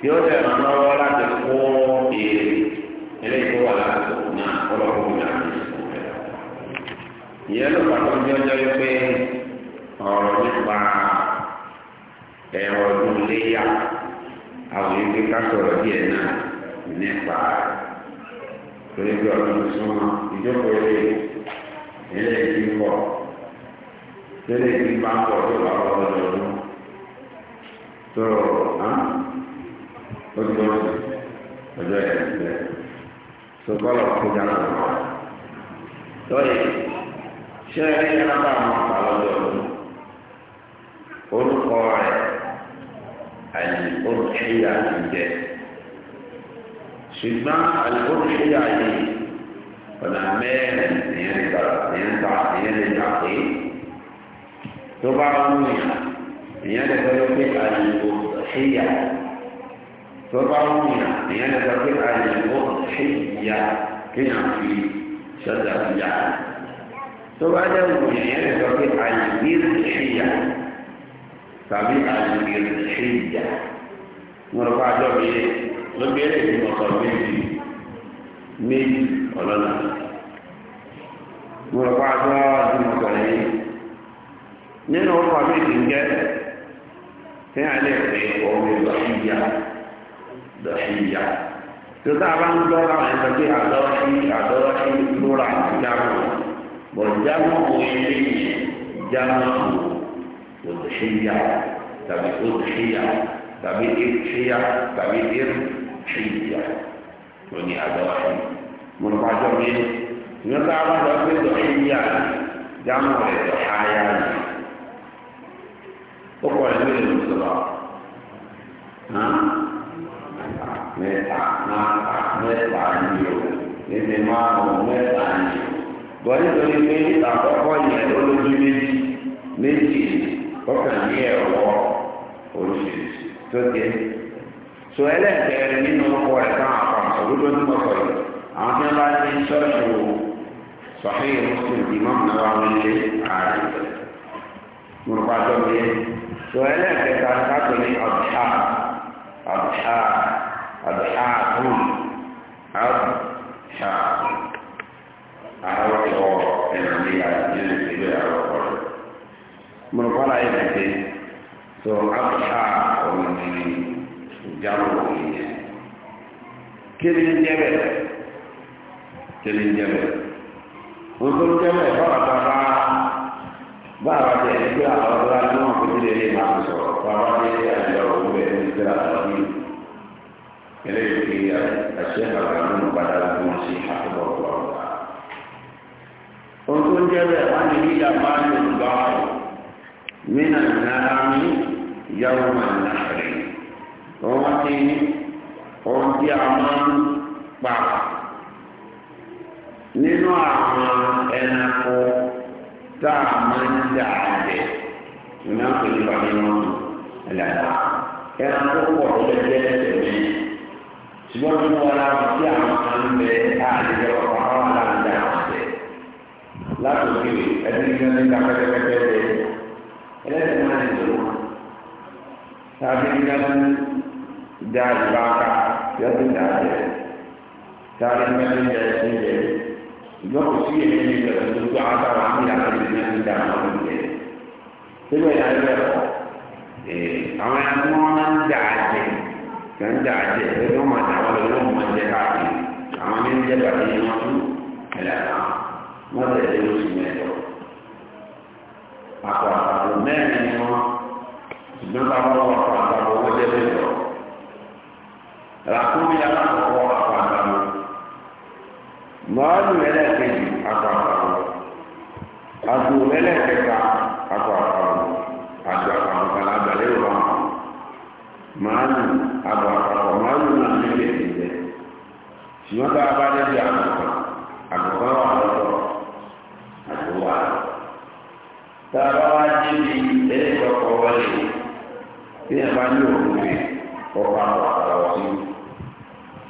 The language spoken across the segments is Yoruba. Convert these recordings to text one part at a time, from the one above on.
tí ó dẹ̀ máa lọ́wọ́ láti kó èrè eléyìí tó wà láti náà ọlọ́run ní àmì ìsìnkú ìyẹn ló pàtó ní ọjọ́ wípé ọ̀rọ̀ nípa ẹ̀rọ ọdún léyà àwọn ìwé ká sọ̀rọ̀ díẹ̀ náà nípa torí pé ọdún súnmọ́ ìjókòó eléyìí eléyìí pọ̀ eléyìí ti bá pọ̀ tó bá wọ́n lọ́dún tó. ó ti wọ́n sí ọjọ́ ẹ̀ ẹ̀ sọgbọ́n kó dáná lọ. lọ́yẹ̀ ṣé ẹ ní sábà máa pa lọ́dọ̀ orúkọ rẹ̀ àyè olùṣíyà ti jẹ ṣùgbọ́n àyè olùṣíyà yìí ọ̀nà mẹ́rin ìyẹn lè gbà ìyẹn ta ìyẹn lè gbà pé tó bá wúyàn ìyẹn lè gbọ́ pé àyè olùṣíyà. tó bá wù yàn èèyàn lè sọ pé àyè ó ṣe ìyá kéèyàn fi ṣọ́jà ìyá tó bá jẹ́ wù yàn èèyàn lè sọ pé àyè ìrì ṣe ìyá tàbí àyè ìrì ṣe ìyá mo bí ẹlẹ́yìn tí mo méjì méjì ọlọ́nà mo rò pé àjọ tí yìí nínú ọkọ̀ méjì ń jẹ́ tí a lè pè ìgbà ìyá. 的信仰。就大方说到我们最好都是最好都是出来加入，我加入不一定加入我的信仰，咱们我的信仰，咱们的信仰，咱们的信仰，说你还多信，我发现你，你大方说这个信仰，加入这个海洋，不管你怎么，啊？mẹ́ta mẹ́ta mẹ́ta ni o èdè márùn mẹ́ta ni o. bọ́n nítorí pé àkọ́kọ́ yẹn olójú méjì méjì ọkàn ní ẹ̀wọ́ oríṣiríṣi tó dé. sọ ẹlẹ́ẹ̀kẹrin nínú ọkọ̀ rẹ̀ káwọn àpamọ́ olójú tó mọ̀ sọ̀rọ̀ àwọn tí wọ́n bá ti ń ṣọ́ọ̀ṣì wò sọ̀hìn muslim imam nawawi ṣe ààrẹ mùrùpàtọ́ mi sọ ẹlẹ́ẹ̀kẹta káàkiri ọ̀dùhà ọ̀dùhà. أبحاهم أبحاهم أعرفوا العملية جنس بلا أعرفوا من قال إبنتي سو أبحا ومن جروا كلمة جبل كلمة جبل وكل جبل فرق بابا بابا تأتي إليك الشيخ العلم بدل المسيح حفظه الله تعالى وكن جبل هذه جمال البحر من النعم يوم النحر ومتين ومتي عمان بعض nínú àwọn ẹranko tá a máa ń dà jẹ ìnáwó ìgbà nínú ẹlẹ́dàá ẹranko pọ̀ lẹ́gbẹ̀ẹ́ tẹ̀lé. ṣùgbọ́n nínú ọ̀la tí àwọn kan ń bẹ àdìgbẹ́ ọ̀pọ̀ àwọn aláǹdà àbẹ̀ látòkè ẹni ní che ká pẹ́pẹ́pẹ́ bẹ ẹlẹ́sìn náà ní ìlú tàbí arrivata ọdún dá la ká yọdún dá bẹ tàbí ní ọdún dá ẹsìn bẹ ìgbọ́n kò sí èmi ní ìlú tó tó àtàwọn a àti ìlú ní ìdá kẹńtà àjẹ ẹgbẹ́ wọn àti àwọn ọlọ́wọ́ wọn jẹ káàkiri àwọn ní ń jẹ bàtí ní wọn tún ẹ̀lẹ́ àwọn wọn tẹ̀ lé oṣù mẹ́jọ. àpò àpò mẹ́rin ni wọn bá wọn àpò àpò mọ́ọ́lù ẹlẹ́ẹ̀kejì àpò àpò ẹlẹ́ẹ̀kẹta àpò àpò àbọ̀ ọ̀mọ́ yóò náà ní ilé ìgbẹ́ ṣùgbọ́n bá a bá débi àgùkọ́ àgùkọ́ wà lọ́tọ̀ àgùkọ́ wà lọ́tọ̀ tá a bá wá débi ẹlẹ́kọ̀ọ́kọ́ wọlé bí ẹ bá ní òkú rẹ̀ ọ̀pọ̀ àwọn àkàrà sí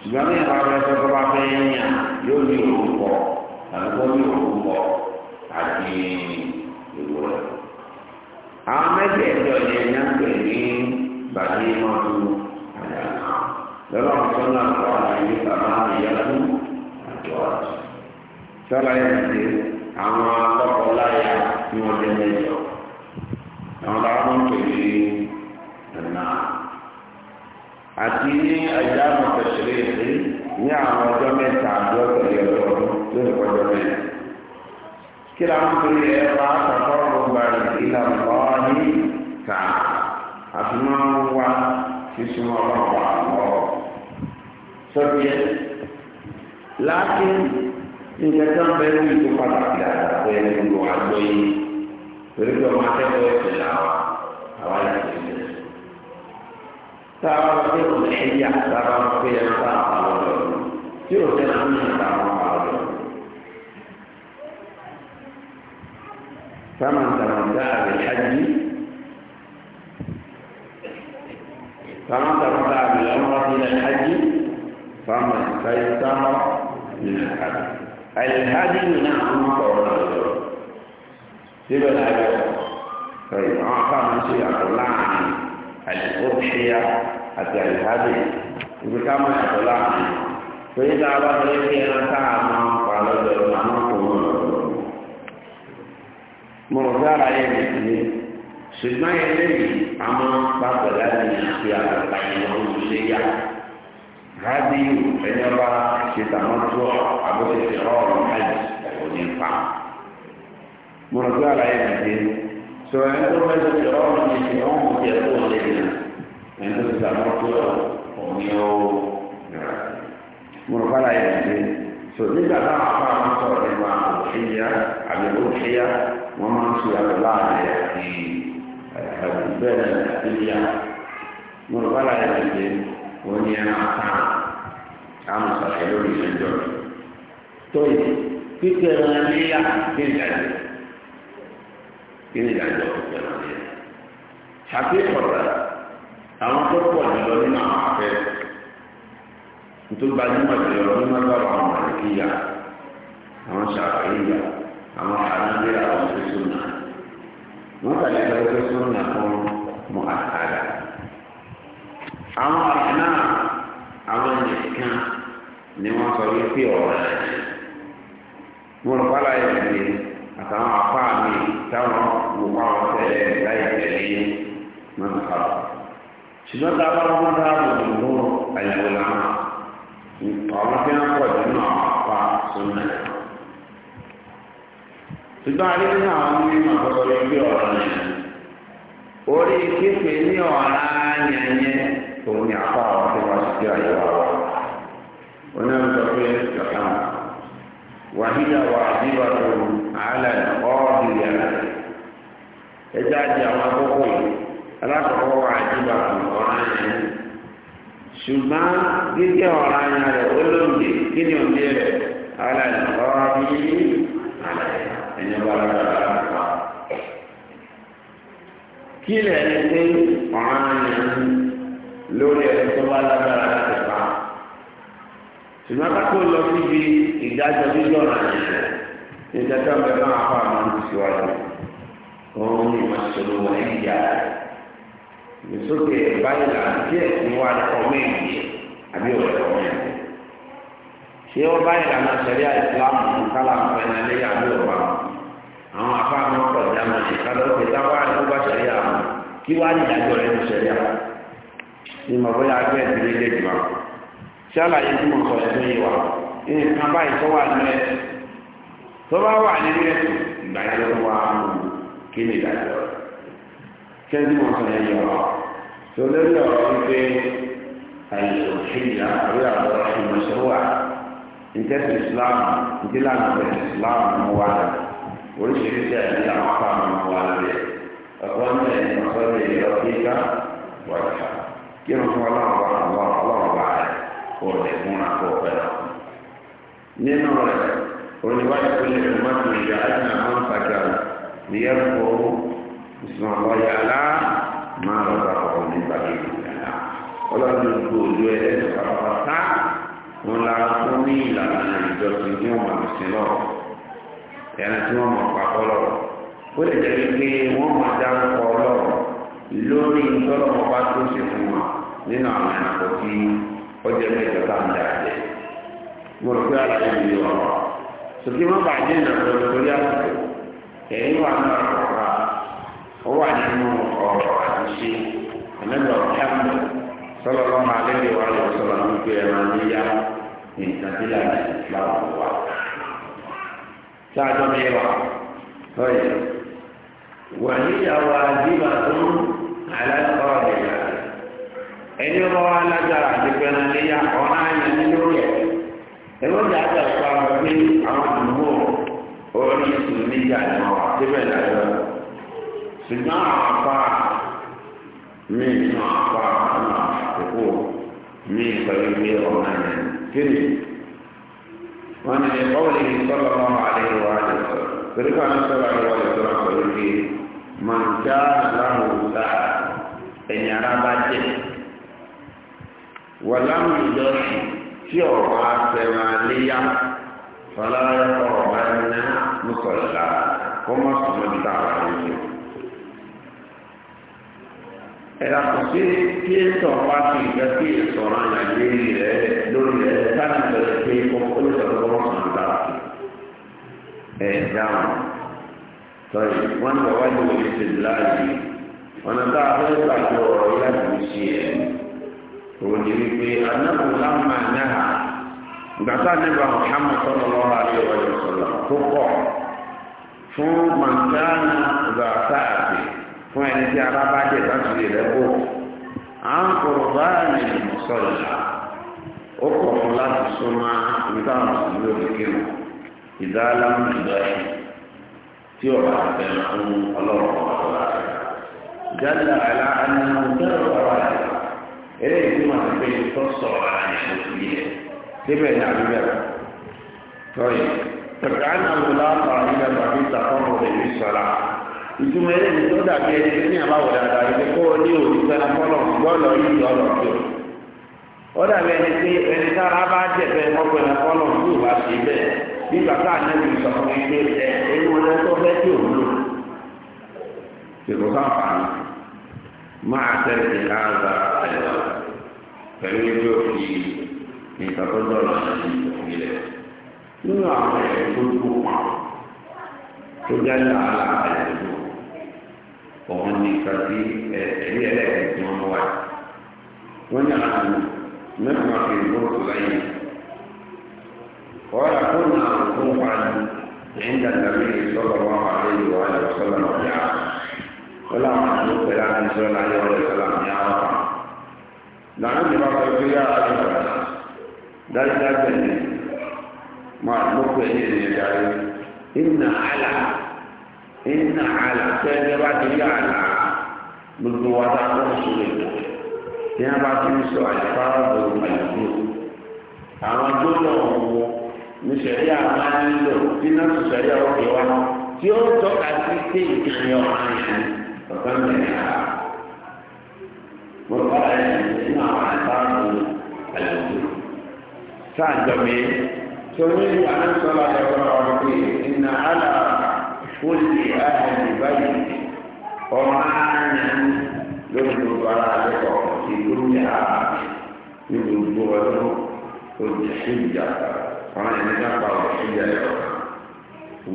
ṣùgbọ́n bí ẹ bá fẹ́ sọ tó bá fẹ́ yẹn yóò ní òkú pọ̀ àgùkọ́ ní òkú pọ̀ àti ìwò rẹ̀ àwọn mẹ́tẹ̀ẹ̀dọ̀ yẹn náà pè ní bàdé mọ́tò lọ́nà ọ̀sán àwọn àlàyé bàbá ìyàtú sọ́la yẹn ti àwọn akọ́kọ̀láyà tí wọ́n jẹ́ mẹ́jọ àwọn làwọn máa ń pè ní ẹ̀nà àti ní ẹ̀yà àmọ̀tẹ̀sẹ̀rẹ̀ yìí ní àwọn ọjọ́ mẹ́ta àjọ tẹ̀lé ọjọ́ ọdún tó ní ọjọ́ mẹ́ta kí làwọn pè ní ẹ̀fà àkọ́kọ́ ọ̀gbà ìlànà ọ̀hún ní ta sísúnmọ́ ọlọ́run àmọ́ sọ́bíẹ́ láti nǹkan tí wọ́n bẹ ní ìlú pàtàkì àtàkùn ẹni gbogbo àgbọ̀ yìí torí pé ọmọ akẹ́kọ̀ọ́ ẹ̀sìn làwọn àwọn ẹ̀sìn ní ẹ̀sìn. tá a bá wọ́n pé òun ẹ̀yà tá a bá wọ́n pé ẹ̀rọ tá a bá wọ́n lọ tí ò fẹ́ náà ní ìta wọn bá wọ́n lọ. sáwọn ìtàn ìdá àbẹ̀hájì. فمن تمتع بالعمرة إلى الحج فما استيسر من الحج الهدي نعم قرنا سيبنا طيب أعطى من شيء أطلع عن الأضحية حتى الهدي يقول كما يقول عن فإذا أردت أن تعلم قال لهم أنا قرنا مرة عليه ṣùgbọ́n eléyìí a máa ń pa pẹ̀lú àti ìṣe àgbàgbà ìwọ̀n olùléyà rádìó ẹ̀yọ́ba ṣètàmọ́tò àbóṣẹṣẹ ọ̀rọ̀ àjì ní pa. mo rò pé àlàyé mi dé sọ ẹni tó fẹ́ ṣe ṣe ọ̀rọ̀ mi ṣe ọ̀hún kò tiẹ̀ kó lè nà ẹni tó ṣètàmọ́tò òní ó nà. mo rò pé àlàyé mi dé sọ nígbà táwọn afọ àwọn sọ̀rọ̀ nípa òṣèyà àbẹ̀wò òṣèyà wọ́n máa ń ṣe àbẹ̀wò àbẹ̀ ti. bẹ́ẹ̀ náà àti bíyà mo rò bára yà lè wọ́n ní ẹran kan àmọ́ sàlẹ̀ lórí ìṣẹ́jọ́ rẹ̀ tóyè kíkẹ́ ẹran níyà kí n dàgbé kí n dàgbé ọ̀kẹ́ ẹran níyà ṣàkíyèsọ̀ àwọn tó àwọn afẹ́ àwọn ṣẹṣẹ náà wọ́n kàlẹ́ sọ pé súnà fún mu àkàdà. àwọn ọ̀rọ̀ náà àwọn nìkan ni wọ́n sọ wípé ọ̀rọ̀ rẹ̀ mo rò pálá yẹn ti àtàwọn apá mi táwọn wò pa wọn tẹ̀lé láì tẹ̀lé yẹn mọ́ mi lọ. ṣùgbọ́n tá a bá wọn dá àwọn ìlú àyẹ̀wò làwọn àwọn tí wọ́n pọ̀ jù náà apá súnà yẹn. ṣùgbọ́n àrí na àwọn mímọ̀ àkọ́kọ́ ní bí ọ̀rọ̀ yẹn orí pípé ní ọ̀rá yẹnyẹn òun ni àpá àwọn tí wọ́n ti gbé ayé wa wá onáwó sọ pé kàkà wàhídà wà nígbà tó ẹja di àwọn akókò yìí alákọ̀ọ́kọ́ wà nígbà tó ọ̀rá yẹn ṣùgbọ́n ọ̀rá yẹn rẹ̀ òun bí rẹ̀ ẹ̀yẹ bá rárá rárá pa. kí lè ní pé ọ̀ràn yẹn lórí ẹni tó bá lágbára láti pa. ṣùgbọ́n kákó lọ síbi ìdájọ́ jíjọ́ ọ̀ràn yẹn ìdájọ́ bẹ̀rẹ̀ máa fà máa ń tẹ̀síwájú. òun ni wọ́n ṣe lówó ẹ̀yà rẹ̀. ìsókè báyìí là ń díẹ̀ sí wa lọ́kọ̀ méjì àbí ọ̀rẹ́ ọ̀rẹ́ ṣé wọ́n báyìí là ń ṣẹlẹ̀ àìsílámù kálá ń fẹ́ àwọn afáàmì ọkọ̀ ìdáná ti ká lọ́ọ́ pé táwa ló bá ṣẹlẹ̀ àwọn kí wàá ní ìdájọ́ rẹ̀ ló ṣẹlẹ̀ àwọn ní mọ̀ bóyá agbẹ́ ìdílé lè jù àwọn tí àlàyé tí mo sọ ẹ̀ tó yé wa nǹkan báyìí tó wà nínú ẹ̀ tó bá wà nínú ẹ̀ ìdájọ́ wa kí ni ìdájọ́ rẹ̀ kí mo sọ ẹ̀ yé wa tó lórí ọ̀rọ̀ wípé àìsàn ṣìyà àbí àbọ̀rọ̀ ìmọ̀ṣẹ́ wà ní tẹ́sí Islam ní tí lánàá tẹ́sí Islam mú wa nínú rẹ̀ oníwájú pẹ̀lú ìmọ̀ tó yà á ní àwọn pàjá ní ẹ̀kọ́ ìsìn ọ̀yà alá máa lọ bá ọkọ̀ ní gbàgede ìyàlá ọlọ́dún tó ojú ẹ̀ pàpàtà wọn la fún ní ìlànà ìjọsìn ní ọmọ àmìsìn lọ ẹni tí wọn mọ papọ̀ lọ ó lè jẹ́ pé wọ́n mọ dárúkọ lọ lórí ìtọ́lọ́mọba tó ṣe fún wa nínú àwọn ẹ̀kọ́ tí ọjọ́ mẹ́jọ bá jẹ́ mo rò pé àlàyé mi yọ ọ sòkè má bàa jẹ ìrìnàjò lórí àtúntò ẹ̀yìn wà náà ọ̀rọ̀ ó wà nínú ọ̀rọ̀ àtúnṣe ẹ̀mẹ́gbà ọ̀hánà sọlọ lọ́mọ alẹ́lẹ́ wa lọ sọlọ wípé ẹ máa ní yá nǹkan tí láti láwọn wà. sáájọ́ mi wà lọ́yẹ̀ wà níyàwó àdìbà tó àlàkọ́ ọ̀dẹ̀yà ẹni ọmọ wa àti pẹ̀lú àléyà ọ̀rọ̀ ẹ̀rọ ìjà àjà ìpa ọmọ pé àwọn àdúgbò orí ìsìn níjà ìmọ̀ wà síbẹ̀ láyọ̀ ṣùgbọ́n àwọn apá mi nínú apá ọmọ àkókò mi pẹ̀lú pé ọmọ ẹ̀ kéde wọn ni ọwọ́ lè sọ́lọ́ ọmọ àdéhùn wa lè sọ torí pé àwọn sọ́lọ́ àdéhùn wa lè sọ́lọ́ pẹ̀lú pé màǹkà làwọn ò ẹ̀yìn ara bá jẹ́ wọ́n láwọn sùn. tí ọba sẹ̀rọ̀ àléyá fọláyà ọba ẹ̀ná mùsọ̀lá kọ́mọ̀ sọ̀mọ́ bí táwọn àlejò. ẹ̀rọ kò sí kí ètò ọba ti gbẹ kí ìsọ̀rọ̀ àyàgbé rẹ̀ lórí rẹ̀ sáà bẹ̀rẹ̀ pé kókó ló sọ̀rọ̀ kọ́mọ̀ sọ̀rọ̀ dà ẹ̀ dáhùn. tọ́yì wọ́n ń bọ̀ wájú òye ti láàyè ọ̀nà tá a fẹ́ gbàgbọ́ ọ̀rọ̀ láti fi ṣe ẹ̀mí. òní wípé anáwó lámà náà gbàtà nípa Muhammad sallallahu alaihi wa tó pọ̀ fún mọ̀nkánà gbàtà àti fún ẹni tí ara bá jẹ láti lè rẹ́pò à ń kọ̀rọ̀ báyìí ní mùsọ̀lá ó kọ̀ fún láti súnmọ́ nígbà mùsùlùmí òkèkèrè ìdálámù tí ọlọ́run ọ̀rọ̀ jáde àlá ọ̀rọ̀ eléyìí tí màá fi tó sọ̀rọ̀ àyè lóṣù yìí débẹ̀ ní àdúgbò tọ́yì tọ́ka ní àwòlá àtàwọn ilẹ̀ bàbí ìtàkọ́rọ̀ rẹ̀ ní sọ̀rọ̀ ìtumọ̀ eléyìí tó dàbí ẹni pé ní àbáwọ̀ dáadáa ìdí kó ní òní sẹ́nà fọ́lọ̀ gbọ́lọ̀ yìí lọ́lọ́ tó ó dàbí ẹni pé ẹni sára bá jẹ̀bẹ̀ mọ́pẹ̀lẹ̀ fọ́lọ̀ tó wà sí bẹ́ẹ̀ bí bàtà ànábì sọ fún mi مع ترك هذا الوضع فليجب في من تفضل عن التحويلات نوع يكون تدل على الوجوب وهن كثير هي لا تكون واحد ونحن نسمع في البرج العين قال كنا موقوعا عند النبي صلى الله عليه واله وسلم في ọlá àwọn pẹ̀lú àwọn ìṣẹ́ ọlá yọ ọ̀rẹ́ sọlá ní àwọn àwọn. làwọn ìjọba sọ pé yá àti ìgbàlá dájúdájú ẹ̀yìn máa lókè ẹ̀yìn ẹ̀yìn ìdarí ìnà àlà ìnà àlà tẹ́lẹ̀ bá ti yá àlà gbogbo wa dá kó sórí ìwọ tí wọn bá ti ń sọ àyàfárá lórí àyàfó àwọn gbọ́dọ̀ ọwọ ní sẹríà lò tí náà sọ sẹríà ó tí ó tọ́ka sí pé ìkànnì ọ̀hún فكم وقال إنه عطاء الوجود سعد جميل تريد أن صلى الله إن على كل أهل بيت قرآنا يجب على في دنيا يجب له الحجة قرآن يجب الحجة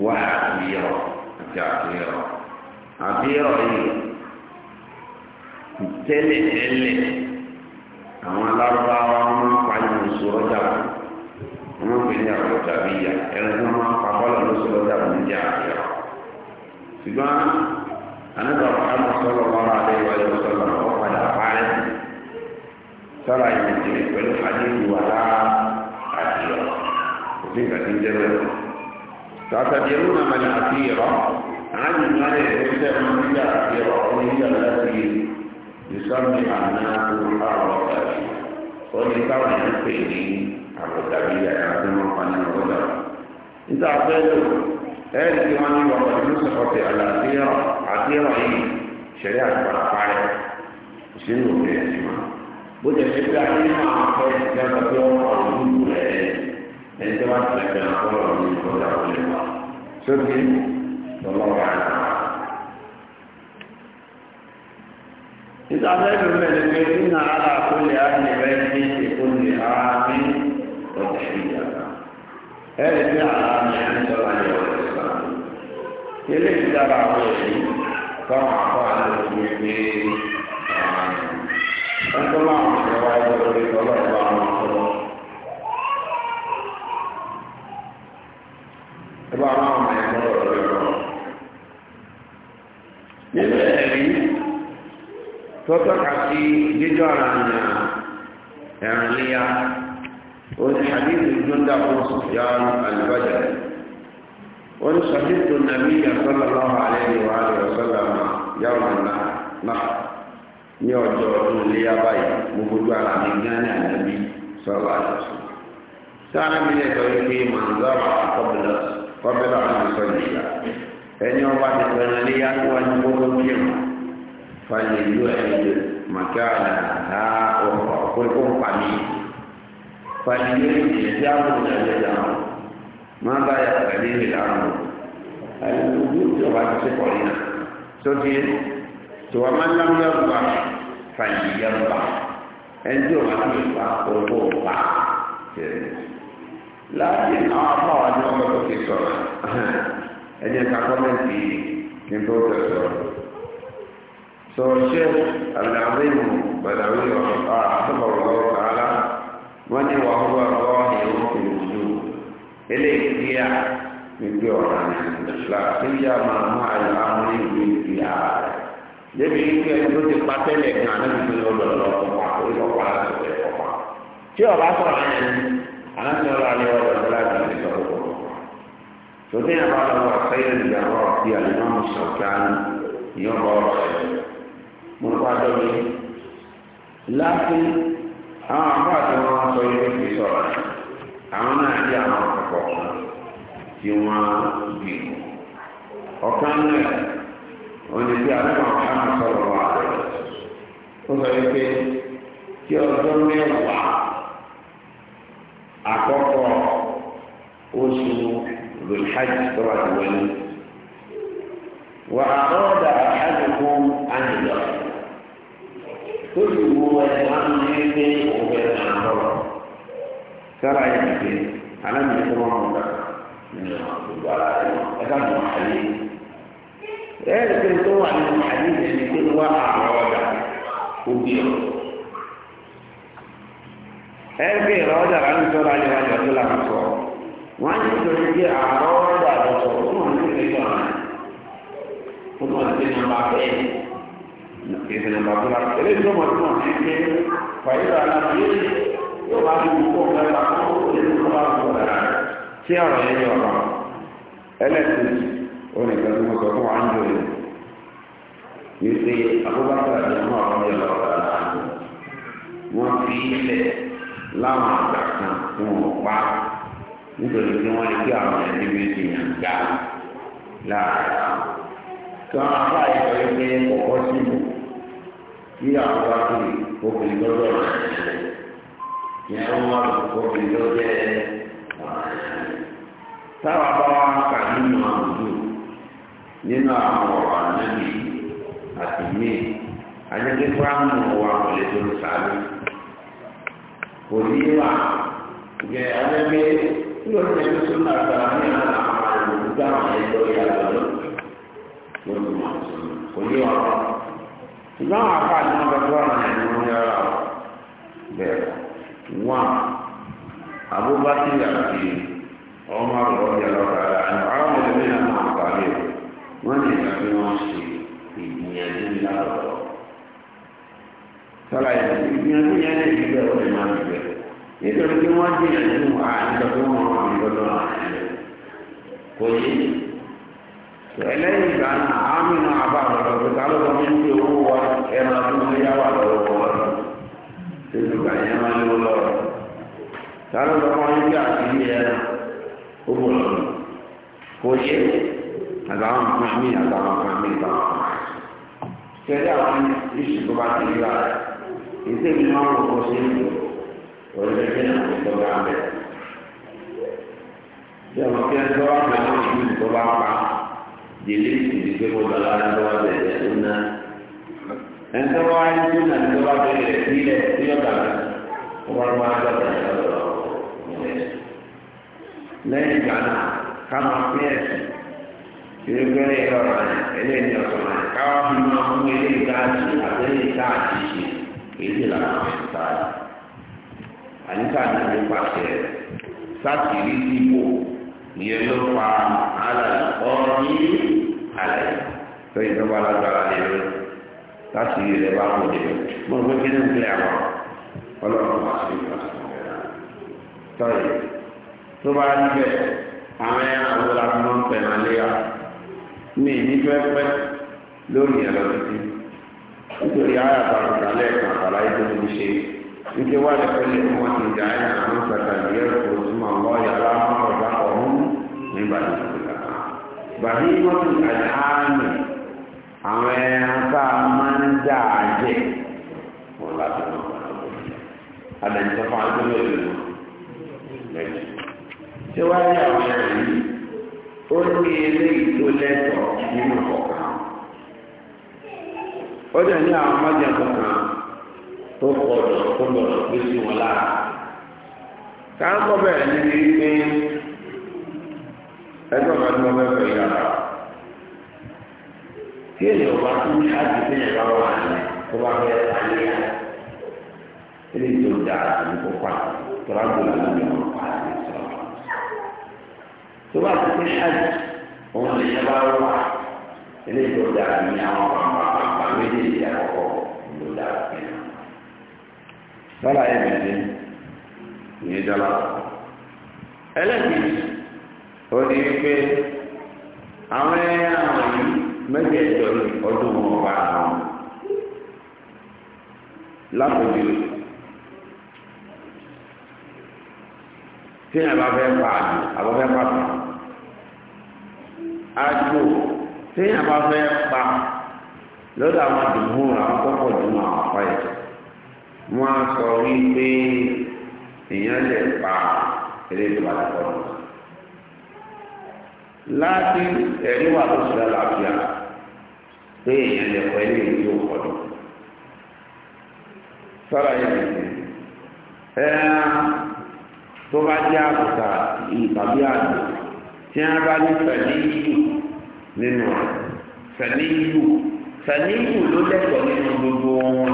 وحقيرة تعقيرة àbí ọ̀yìn tẹ́lẹ̀tẹ́lẹ̀ àwọn alárúbáwá máa ń pa ìlú oṣù rọ́jà wọn máa ń pè ní àwọn tàbí ìyá ẹni tó máa ń pa bọ́ọ̀lù lóṣù rọ́jà wọn ní àyà ṣùgbọ́n anábà ọ̀hánà sọ̀rọ̀ ọ̀rọ̀ alẹ́ ìwáyé sọ̀rọ̀ ọ̀ padà parẹ́ sọ̀rọ̀ ìmọ̀tìrì pẹ̀lú adéhùn wà lára òfin kàtí jẹ́ bẹ́ẹ̀ tọ́tàdìrún عن المال يكتب من في رأيه التي يسمي أعناق الحركة ولكون الفيل الركبية كما قال الرجل إذا قالوا هذه من وقد نسخت العتيرة عتيرة هي شريعة برقعة سنو في الإسلام بوجه شبه عليها عقل كان في يوم أرضي ولا إيه أنت ما تتكلم عن قول من قول الله سبحانه والله أعلم إذا لم الملكين على كل أهل بيت بكل كل عام وتحية هذه العام يعني صلى الله عليه وسلم إليه تبع وجهي فرع فعل المسلمين أنت الله سواء تقول الله الله الله الله nínú ẹ̀rí tó tọ́ka sí jíjọ́ ara yàn ẹ̀rùn léyà ó ní àdéhùn ìjọ́ndà fún sọ̀fíà àlùbájà ó ní sọ̀fíìtò nàbí yàtọ̀lá lọ́wọ́ alẹ́ ìwà rẹ̀ sọ́lá yàwó náà ní ọjọ́ ọdún léyà báyìí mo gbójú ara mi gán ní ànábì sọ́lá àjọṣe sáà mi lè sọ wípé màá ń zọ́rọ̀ àkọ́bílà kọ́bílà àti sọ́yìn ìyá ẹni ọba ti fẹ́ràn lé yáṣíwájú gbogbo jẹun falẹ̀ ìlú ẹ̀yẹ màkàlà ha ọ̀pọ̀ àkókò pàmì falẹ̀ ìlú ẹ̀yẹ tí a mọ̀ ní ẹ̀yẹ dáhùn má bá yà pẹ̀lú ìlú dáhùn àlùkò tí ọba ti sèpọ̀ ní nà sókè tí wọ́n máa ń lọ ní ọgbà ìyá ọgbà ẹni tí ọba ti fà ọ̀pọ̀ ọ̀pà tẹ̀lé láti àwọn afọ àwọn ọmọ tó ti sọ̀rọ̀ ẹ jẹ́ ká kọ́mẹ́ǹtì kí So tó tẹ̀sọ̀ sọ ṣe àlàáfíìmù bàdàwí ọ̀rọ̀ àtọ́bọ̀rọ̀ tààlà wọ́n ní wà hùwà bọ́ ìrún ìlú eléyìí tí a níbi ọ̀rọ̀ ìṣlá tí yá máa mú àlàáfíìmù ìlú ìlú ààrẹ débi wípé ẹni tó ti pa tẹ́lẹ̀ kan anábìbí ọlọ́lọ́ ọ̀pá orílọ̀pá aláṣẹ ọ̀pá tí ọ̀bá sọ̀rọ̀ yẹn aláṣẹ ọ̀rọ̀ alẹ́ ọ̀rọ̀ ìlú àti ìṣòro lóde yẹn bá lọ wọ sẹ́yìn ìyàwó ọtí àlùmọọmù sọkàn yóò bọ ọ̀rọ̀ ẹ mo ń pa dọmi láti àwọn àbá àti wọn sọ yìí lókè sọ̀rọ̀ àwọn náà yí àwọn ọkọ tí wọn bì ọkàn náà wọn bí alẹ́ wọn kà máa wọn àlẹ́ ó sọ yìí pé kí ọjọ́ mẹ́wàá àkọ́kọ́ oṣù hajj tó bá ti wọlé wà á rọ́ọ̀dà àhájú fún àyìnbá tó ti wo ẹ̀sìn máa ń lé ní òwe àmọ́rọ̀ sára yìí ti alámìí tó máa ń gbà nínú àgbègbè ara rẹ̀ ẹ̀ka mọ̀ àyè ẹ̀ẹ́dì pé tó wà nínú àyè yẹn ni pé wà á rọ́ọ̀dà òbí ọ̀ ẹ̀ẹ́dì pé ìrọ̀ọ́dà rà ń sọ̀rọ̀ àyẹ̀wò àyẹ̀wò tó làwọn sọ̀rọ̀ wọ́n ti torí pé àárọ̀ ọ̀dà lọ́sọ̀ tó wọ́n ti fi gbọ́n rẹ̀ tó wọ́n ti nàmbà bẹ́ẹ̀ ìfẹ́ nàmbà tó láti tẹ̀lé tó wọ́n ti wọ́n ti fi fàyíra aláàbí yóò bá fi wù kó fẹ́ bá kó nínú kó bá wù rẹ̀ tí ọ̀rọ̀ yẹn yọ̀ ọ̀rọ̀ ẹlẹ́sìn oníkan tó sọ fún wa jòyè yìí ṣe àbúrò àti àwọn ọ̀rọ̀ yẹn láwọn àgbà kan fún ọ̀pá nítorí pé wọ́n lè kí àwọn ẹni méjì yàn gbà láàárọ̀ kí wọ́n máa bá ìtọ́ yẹn pé kọ̀kọ́ sí ìbò kí àwọn bá tó obìnrin lọ́dọ̀ rẹ̀ ìyẹn wọ́n máa lò obìnrin lọ́dọ̀ rẹ̀ táwa bá wà kà nínú àwùjọ nínú àwọn ọ̀rọ̀ ànábì àti míì àjẹjẹ fúrámù wa kò lè tó sáré kò ní wà jẹ àjẹjẹ tí o ti ẹni tó náà gbà ní àwọn àwọn olùdá àwọn ẹgbẹ́ ìyá lọ́dọ̀ ló ti mọ̀ kò yé wọn. ìgbà wọn afa àti wọn bẹ̀rẹ̀ wọn náà ẹni wọn yára o bẹ́ẹ̀ wọn Abubakar ìgbìyànjú yẹn lè fi bẹ́ẹ̀ wọ́n nítorí pé wọ́n gbìyànjú àìsàn tó wọ́n wà ní lọ́dọ̀ àìsàn kò yé ẹlẹ́yìn ìgbà náà àmì náà àbá àbọ̀dọ̀ pé ká ló lọ bí ti owó wa ẹran tó ń yá wà lọ́wọ́ wọn lọ títí gbà yẹn máa ló lọ ká ló lọ wọn yí àti yí ẹran ó bọ̀ lọ kò yé àtàwọn nǹkan mí àtàwọn nǹkan mí àtàwọn nǹkan mí. àwọn ìṣèjọba ti rí ara ìṣèjọba wọn kò ṣe é lò orílẹ̀-èdè náà tó bá ń bẹ̀. bí ọmọ kí ẹni tó bá ń bẹ̀ náà ní ìlú tó bá ń pa délé ìdí pé mo lọ́la ní tó bá bẹ̀rẹ̀ tó ná. ẹni tó bá ń tó náà ní tó bá bẹ̀rẹ̀ sílẹ̀ tí yóò gbà mí ó bá wá lọ́dọ̀ lọ́dọ̀ lẹ́yìn ìgbà náà ká máa pín ẹ̀sìn ìrẹ́gbẹ́rẹ́ ìrọ̀rọ̀ ẹlẹ́ni ọ̀sán káwá fi máa mú eléyìí táàjì àtẹ́lẹ́yìí táàjì ṣe èyí làwọn ọ̀sán táàjì àyíká ní ìlú pàṣẹ sátìrí ìbò ìyẹn ló fa alàyè ọ̀rọ̀ ní alàyè tó ìjọba alágbára lè lọ láti ilé bá wọ débẹ̀ mo rò pé kí ní ń gbé àwọn ọlọ́run wá sí ìgbà tọ́yì tó bá níbẹ̀ àwọn ẹran àwọn ọlọ́run ń pẹ̀ máa léyà mi ní pẹ́pẹ́ lórí ẹ̀rọ títí nítorí ayàtọ̀ àtàlẹ́ ìkàkàlà ìdókòwò ṣe. إذا وارد الإخوة جعل خمسة ليذكروا اسم الله على ما رزقهم من بعد بهيمة الأنعام àwọn ẹran tá a máa ń dà á jẹ wọn láti mọ àdàǹtọ́ fún agbẹ́lẹ̀ òdòdó lẹ́yìn tí wọ́n ní àwọn ẹran yìí ó ní eléyìí tó lẹ́tọ̀ọ́ nínú ọ̀kan ó dẹ̀ ní àwọn ọmọdé ọ̀kan tó kọ gbọdọ̀ tó gbọdọ̀ pé sí wọn lára. bẹẹ ní bí bẹ́ẹ̀ ni wípé ẹgbẹ́ ọ̀gá tí wọ́n fẹ́ fẹ́ yàrá tí èèyàn bá tún ní àdìsí yẹn bá wà ní tó bá fẹ́ ayé yá ilé ìjọ dára àti kópa tó bá gbọdọ̀ lórí wọn pa àti sọ̀rọ̀. tó bá ti pín àjì òun lè yẹ bá wà ilé ìjọ dára ní àwọn àmọ́ àgbà méjèèjì to da ni awon awon agba dára pẹ̀lú. sọ́là yẹn bìí ní ìjọba ẹlẹ́gbẹ̀ẹ́ ó ní wípé àwọn ẹ̀yà àwọn yìí mẹ́jẹ̀ẹ́jọ ní ọdún wọn bá àwọn lápòjú tí ẹ bá fẹ́ pa àjò àbọ̀ fẹ́ pa tán àjò tí ẹ bá fẹ́ pa lọ́dọ̀ àwọn àdùnnú àwọn tó jù mọ́ àpá ẹ̀jẹ̀ wọ́n á sọ wípé èèyàn lè pa eléyìí tó bá ti pọ̀ nù. láti ẹ̀rí wà tó ṣe lálàáfíà pé èèyàn lè pọ̀ eléyìí tó pọ̀ nù. sọ́ra yẹn nìyẹn ẹ̀ẹ́n tó bá jẹ́ àbùkà ìtàbí àgbò tí wọ́n bá ní sàníyù nínú rẹ̀ sàníyù sàníyù ló lẹ́tọ̀ọ́ nínú gbogbo wọn.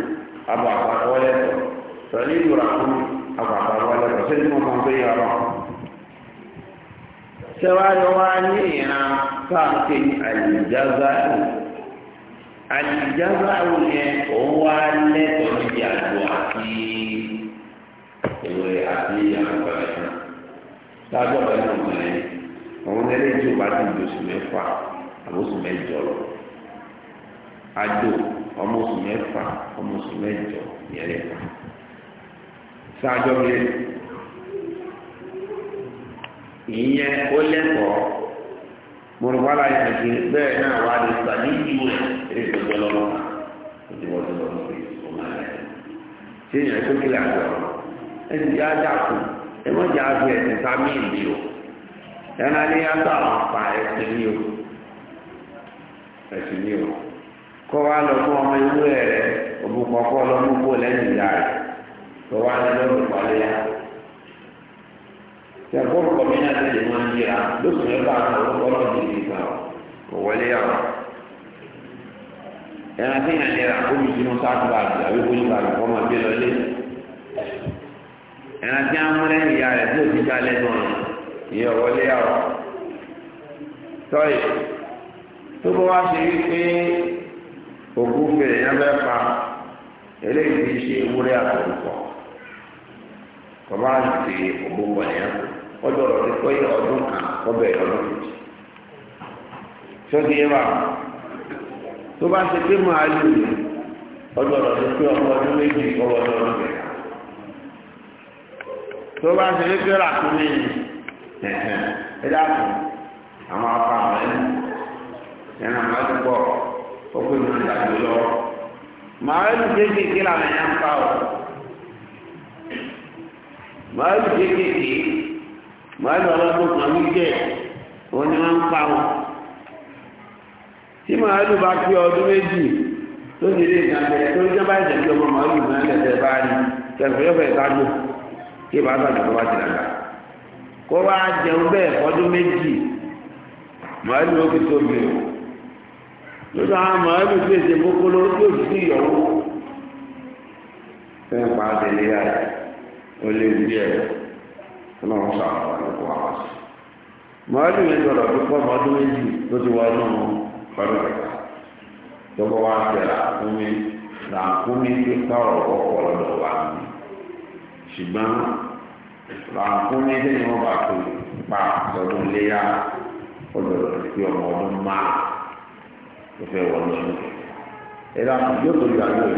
abu àpapọ̀ lẹ́tọ̀ tọ́lí ìrora fún abu àpapọ̀ lẹ́tọ̀ sẹ́ni mo máa ń gbé yàrá. sẹ́wájú wá ní ìran káàkiri ní àlìjáza ò àlìjáza ò yẹn òun wá lẹ́tọ̀ níbi àjò àti ìwé àti àgbàlẹ̀ kan lábẹ́ ọ̀gá náà mọ̀ ẹ́ òun ní eléyìí tó bá ti dòṣù mẹ́fà àbóṣù mẹ́jọ lọ. àjò ọmọ oṣù mẹ́fà ọmọ oṣù mẹ́jọ yẹlẹ sáájọ mi ìyẹn ó lẹ́kọ̀ọ́ mọlùmọlá yẹn ti bẹ́ẹ̀ náà wà ní sàdí ìlú rẹ èyí tó gbẹ lọ́wọ́ ojú wọn tó lọ́wọ́ pé ọmọ rẹ ṣé ìyẹn tó kílẹ̀ àgbẹ̀ ọ ẹ ti yá dà kù ẹ mọ̀ jà á ẹ̀sìn sá mí o ẹ̀ náà ní yàtọ̀ àwọn apá ẹ̀sìn ní o ẹ̀sìn ní o kó wá lọ fún ọmọ ìlú ẹ̀ rẹ̀ òbúkọ̀ kọ́ lọ mú kó lẹ́yìn ìyá rẹ̀ kó wá lọ lọ́dún pàdé yá. Ṣẹ̀kọ́ kọ̀mí náà ti lè máa ń lóṣù mẹ́fà àwọn orúkọ náà ti di ìgbà kò wọlé yà wọ́n. Ẹran tí yàn lera omi sínú sáàtúbà àbí oníbà àbíkọ́ máa gbé lọ lé. Ẹran tí a mú lẹ́yìn ìyá rẹ̀ tí ò ti já lẹ́nu ọ̀nà ìyẹn wọlé yà wọ́n. Tọ́yì tó bá wá ṣe wípé òkú fèrè yẹn bẹ́ẹ̀ pa eléyìí ti ṣe ewúrẹ́ àtọ̀rùkọ̀ kọ́bá ti ògbóngbò yẹn ọjọ́ rẹ̀ ti pẹ́ ọdún kan kọ́bẹ̀ ọdún kejì sọ́dí yẹn bá tó bá ti pé máa lò ní ọjọ́ rẹ̀ ti pẹ́ ọmọ ọdún méjì kọ́bọ̀ ọdún kẹta tó bá ti pé pé ràkúnmí ẹ̀hẹ̀ ẹ̀dá kan àwọn apá rẹ̀ ẹ̀ràn máa ti pọ̀ ọkọ ìlú ti dàgbé lọ màálù kéékèèké làwọn ẹ̀yà ń pa ọ́ màálù kéékèèké màálù ọlọ́dún kan wíjẹ́ wọn ni wọ́n ń pa wọn tí màálù bá pé ọdún méjì tó ti lè gbàgbé tó ní sábà ìdẹ̀bí ọmọ màálù náà lẹ́sẹ̀ bá rí tẹ̀fẹ̀yọ́fẹ̀ ìtajù kí ìbá gbàgbé tó bá ti dàgbà kó wá jẹun bẹ́ẹ̀ fọdún méjì màálù ó fi tóbi o lójú àwọn màálù tí èsè gbogbo lórí tí òsì ìyọ̀wó fẹ́ pa àtẹlé rẹ̀ ó lé bí ẹ̀ ọlọ́run sàmúlò àlùkò àwọn sí. màálù yẹn gbọdọ̀ tó pọ̀ mọ́ ọdún méjì tó ti wọ inú ọdún kẹta tọ́gbọ́ wa ń tẹ̀lé àkúnmí làǹkúnmí tó tọrọ ọkọ̀ lọ́dọ̀ wa ní. ṣùgbọ́n làǹkúnmí tẹ́yìn wọn bá tó pa lọ́dún léyà ọdọ̀ lọ́dún ọmọ ọdún márùn tó fẹ́ wọ́n ní ṣe ẹ̀rọ yóò tó yà lóye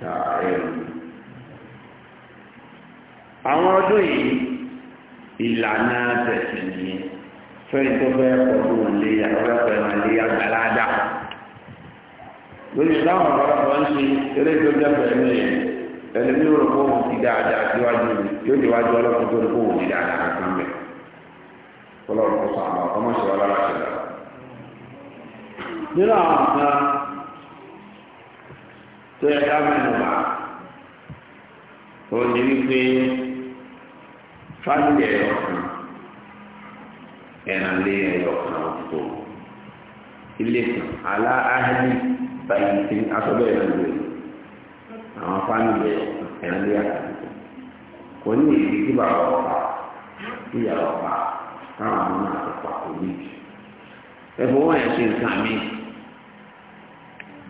ṣàárẹ̀ àwọn ọdún yìí ìlànà tẹ̀sí ni fẹ́ẹ́ tó fẹ́ pọ̀jù léyà ọlọ́pàá ẹ̀rọ léyà gbàládà lórí táwọn ọ̀pọ̀lọpọ̀ ń ṣe eré ìjọba pẹ̀lú yẹn ẹni ní òrò fóun ti dáadáa síwájú yóò di wájú ọlọ́pàá tó ní fóun ti dáadáa kan mẹ́ kọlọ́ọ̀kọ́ sọ àwọn ọmọ ṣe wà lára nínú àwọn nǹkan tó yẹ ká mẹ́nuba o ni wípé fáìlì ẹ̀yọ̀ kan ẹ̀rànlé ẹ̀yọ̀ kan tó ilé kan alá áhẹ́lì báyìí tí asọ́bẹ̀ ẹ̀rọ ìlú àwọn fáìlì ẹ̀rànlé àkàtà kò ní èdè bàbá ọ̀pá ìyàwó ọ̀pá táwọn kò ní ẹ̀fọ́ wọn ṣe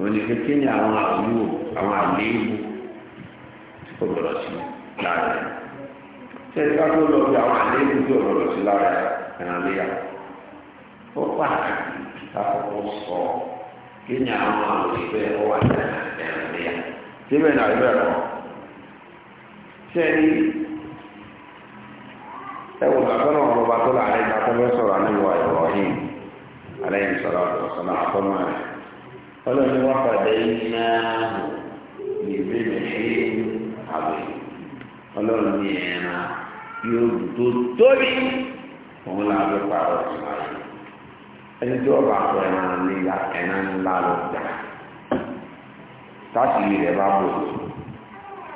oníkeke ni àwọn àwúwò àwọn àléébù tí kò gbọdọ̀ sí lára rẹ̀ sẹ́yìn ká tó lọ bí àwọn àléébù tí kò gbọdọ̀ sí lára rẹ̀ ẹ̀ràn léyà ó pàtàkì káfọ́ sọ kí ni àwọn àwòrán ọ wà ní ẹ̀ràn léyà síbẹ̀ náà ẹgbẹ́ rẹ̀ sẹ́yìn ẹwọ bàbá náà wọn bá tó láàrin bàbá fẹ́ sọ̀rọ̀ àníwọ̀ ẹ̀rọ yìí alẹ́ yìí sọ̀rọ̀ àtọ̀sọ̀nà àtọ́mọ́ rẹ̀ ọlọ́run wá padà yìí náà lèmi lèmi àwẹ̀ ọlọ́run ní ẹran yóò tó tóbi òun là ń fi pààrọ̀ ìgbà yìí ẹni tí ọba àpò ẹran nílá ẹran ńlá ló gbà sátìlì rẹ bá bò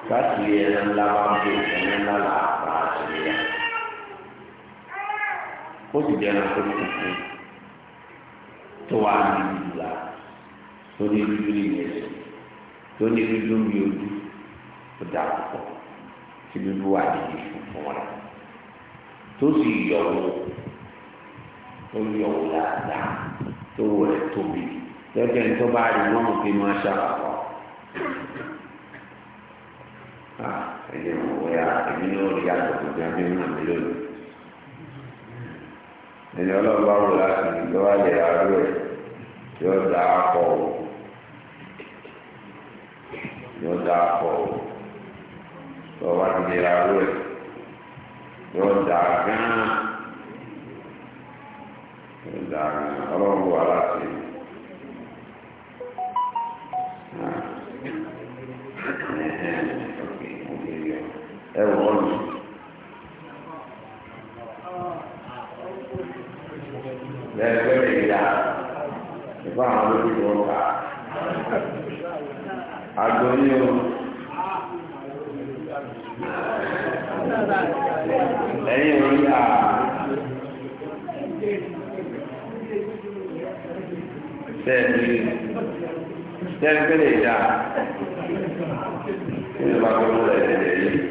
sátìlì ẹran ńlá bá bò ẹran ńlá là bá ṣe yá ó sì jẹ́ ẹran tó kù fún tó wà ní ìlú la tó ní dúdú ní ìrẹsì tó ní dúdú bí ojú ó dà púpọ̀ tí dúdú wà ní ìfún fún wọn tó sì yọ̀wò tó yọ̀wò dáadáa tó wọ̀ ẹ́ tóbi lọ́jọ́ ní tó bá rí wọn mọ̀ pé máa ṣàkàkọ́ ẹ̀jẹ̀ mọ̀ wọ́yà èmi ní ó rí bí abẹ́ náà mi lónìí ẹni ọlọ́run bá wò láti lọ́wọ́ àlẹ́ àárọ̀ yóò dá a kọ̀ yóò dà pọ̀ o tó wá ti lè ra owó ẹ̀ yóò dà gán yóò dà gán ọlọ́run bò wá láti. ẹ wọ ọ lù. lẹ́yìn pẹ́ẹ́lí ìyá ìfọ̀ àwọn olójú tó ń ta àgbọ̀yé o ẹ̀yìn orí à tẹ́ẹ̀lì tẹ́ẹ̀lì pẹ́lẹ̀ ìjà ìjọba tó ń rẹ̀ ẹ̀yẹ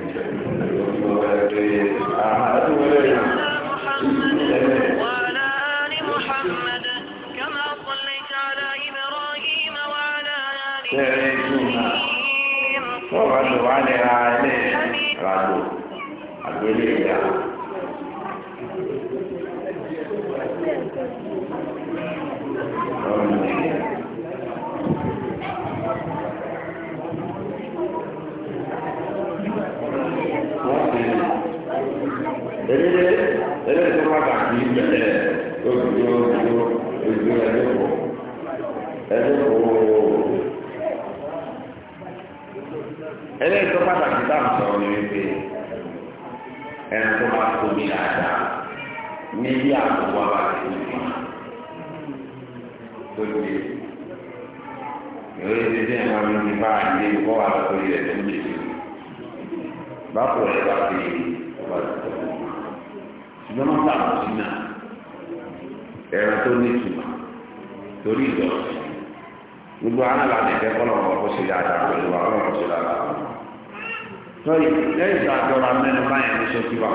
ní sókè wa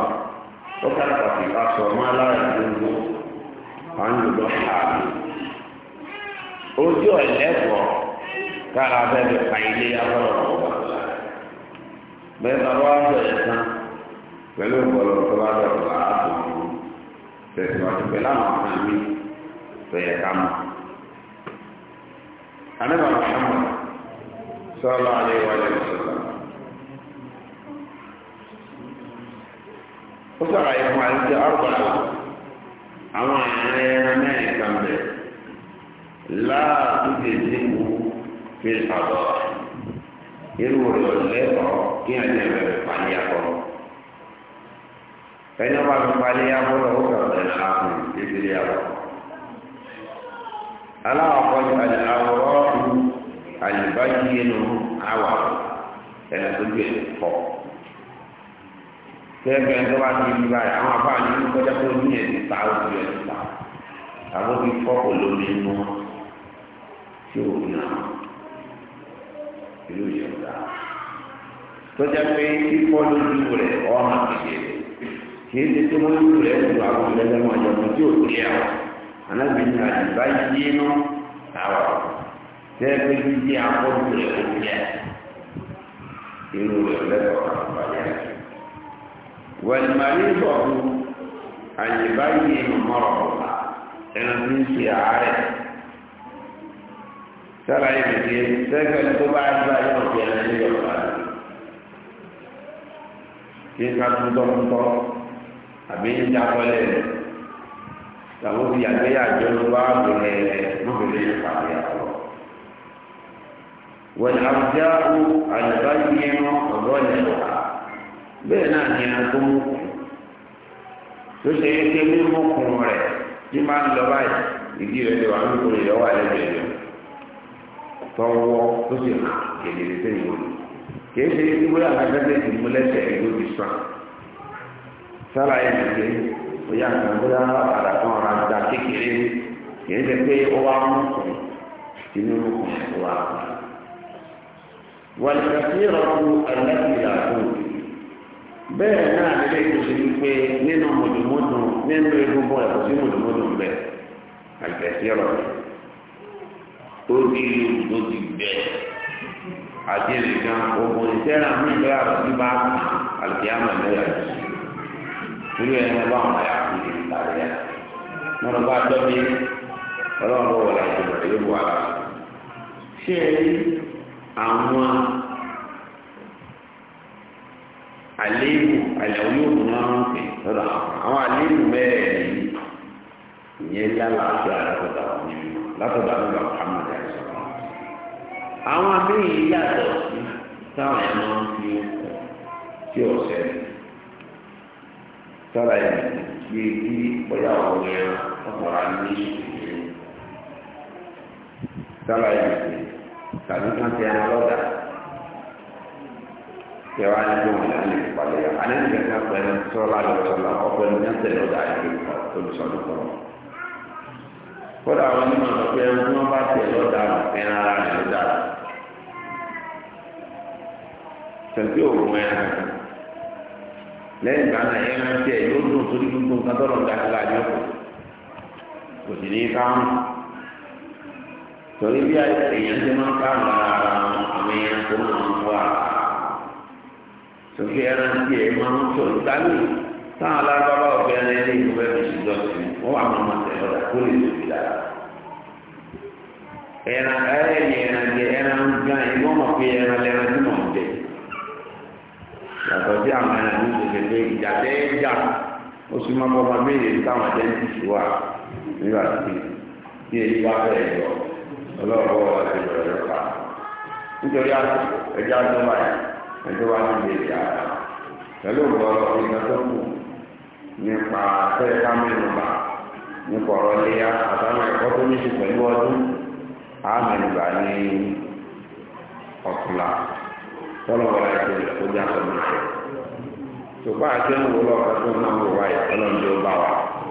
ó kára pàtì aṣọ ọmọ alára gbogbo à ń lò lọ ṣáàbì ojú ọ̀lẹ́kọ̀ọ́ kára abẹ́rẹ́ pa ilé abọ́rọ̀ ọ̀gbà bẹ́ẹ̀ bá wá bẹ̀rẹ̀ tán pẹ̀lú ọ̀pọ̀lọpọ̀ tó bá dọ̀rọ̀ láàbọ̀ ọ̀hún tẹ̀síwájú pẹ̀lú àwọn kan mi tẹ̀yẹ ká mọ̀. Àníbà Mùsùlùmí sọ́ọ́lá àlẹ́ ìwádìí ó sọ̀rọ̀ ayé fún àyíké ọ̀gbà àwọn ẹ̀rẹ́ ẹran mẹ́rin kan bẹ̀ láàbù tètè wù fi àbọ̀ irú rẹ̀ lẹ́kọ̀ọ́ kí ẹ̀jẹ̀ bẹ̀rẹ̀ pàdé akọ. ẹni ọba fi pàdé akọ lọ ó sọ̀rọ̀ ẹ̀ láàbù tètè akọ. aláwọ̀ kọ́ni àwòrán àlùbáyé nù àwà ẹ̀ tó kẹ́ẹ̀kẹ́ ẹ̀ tó bá ti di báyìí àwọn afá yìí ní kọjá tó ní ẹ̀ níta ó ti ẹ̀ níta àbó fi fọ́pọ̀ lómi inú tí ò ní àwọn ìlú ìyọ̀dá tọ́jà pé fífọ́ lójú rẹ̀ ọ̀nà kéde kìí ṣe tó wọ́n lù rẹ̀ lù àwọn ìlẹ́lẹ́wọ̀n ìjọba tí ò ní àwọn alábìnrin àdìbá yìí inú àwọn tẹ́ẹ̀pẹ́ jíjí akọ́jú rẹ̀ ó jẹ́ irú rẹ̀ lẹ́kọ̀ọ́ àbáyé rẹ̀. والمريض أن يبين مرضها ẹran tí ń ṣe àárẹ̀ sára ibi tí sẹ́gbẹ̀ẹ́ tó bá gbà yóò fi ẹran ní ọ̀la kí n ká túntọ́túntọ́ àbí ń jábọ́lẹ̀ tàbí fi àgbéyàjọ ló bá gbẹ̀rẹ̀ lóbìnrin ìpàdé àpọ̀. wọ́n àbújá àlùbáyé ọ̀rọ̀ ìlú bẹ́ẹ̀ náà ní ẹran tó mú tó ṣe é ṣe mímú ndọba rẹ̀ tí máa ń lọ báyìí ìdí rẹ̀ lè wà ní kò lè lọ́wọ́ àlẹ́ bẹ̀rẹ̀ tọwọ́ tó sì hàn sẹ́yìn olù ṣe wíwé sàn sára ẹ̀ bẹ́ẹ̀ náà lè lè tó ṣe wípé nínú mọ̀dùmọ́dùn nínú egungun ẹ̀kọ́ sí mọ̀dùmọ́dùn bẹ́ẹ̀ àìtẹ̀sí ọ̀rọ̀ rẹ̀ ó di ìlú tó ti bẹ̀ àti nìkan ogun ìṣẹ́ra mi bẹ́ẹ̀ àrò tí bá àlùkí àmọ̀ lẹ́yà jù irú ẹni bá wọn àyà kú ní ìtàrí yá wọn bá tọ́ mi ọlọ́run bọ̀ wọlé àti àléébù àyàwó ni wọ́n máa ń pè lọ́dọ̀ àwọn àléébù mẹ́rẹ̀ẹ̀rin yìí ìyẹn ní aláàfíà látọ̀dọ̀ àwọn yìí látọ̀dọ̀ àwọn bàbá Muhammad àìsàn. àwọn abéyìí yàtọ̀ sí táwọn ẹ̀ máa ń fi kọ̀ tí ò sẹ́yìn sára ẹ̀ gbé bí bóyá ọ̀rọ̀ yẹn ọ̀pọ̀ra ní ìṣòro sára ẹ̀ gbé tàbí lọ́dà kẹwàá ní bí wọn yà lè palẹ̀ yà alẹ́ nìkan kan pẹ̀lú sọ́lá lọ́sọ́lá ọ̀pọ̀ ní yàn tẹ̀lé ọ̀dà àyè olùsọ̀rọ̀ kọ̀ọ̀. kódà àwọn onímọ̀ sọ pé ẹni tí wọ́n bá tẹ̀ lọ́dà ẹran ara rẹ̀ ló dà. tẹ̀sí òògùn ẹran kan lẹ́yìn ìgbà náà ẹran tiẹ̀ yóò dùn sórí gbogbo nǹkan tọ́lọ̀ ń dájú láàyè ọ̀pọ̀ kò sì ní káwọn torí bí èèyàn ti máa ń káwọn lára àwọn èèyàn tó máa ń wá tòkè ẹran tí ẹ máa ń tó ìtàlù táwọn alágbábá ọ̀fẹ́ ẹran ilé ìgbọ́fẹ́ fi ṣùgbọ́n sí wọ́n wà máa tẹ̀ lọ́dà kó lè lòdì dára. ẹran ẹ̀yìn ẹran jẹ ẹran gan ẹgbọ́n mọ̀ pé ẹran lẹ́ran tí mò ń jẹ. yàtọ̀ sí àwọn ẹran ní ìṣẹ̀lẹ̀ pé ìjà tẹ́ ẹ jà ó sì máa bọ́ máa béèrè táwọn ẹ̀jẹ̀ ń tìṣù wà nígbà tí tí èyí bá fẹ́ yọ ọlọ́ọ̀bọ̀ ọ̀rọ̀ ẹjọ́ wa ti lè yà á pẹ̀lú ìgbọ́rọ̀ ìgbà tó kù nípa fẹ́ẹ́ ká mẹ́nu bá nípa ọ̀rọ̀ léyà àtàwọn ẹ̀kọ́ tó ní ṣe pẹ̀lú ọdún á mẹ́nu bá ní ọ̀túnla tọ́lọ̀ wọlé ẹ̀kọ́ tó já sọ ní ṣe. àti ẹ̀wọ̀n wọlé ọ̀kan tó náà wọ̀ wáyé ọlọ́run ló bá wa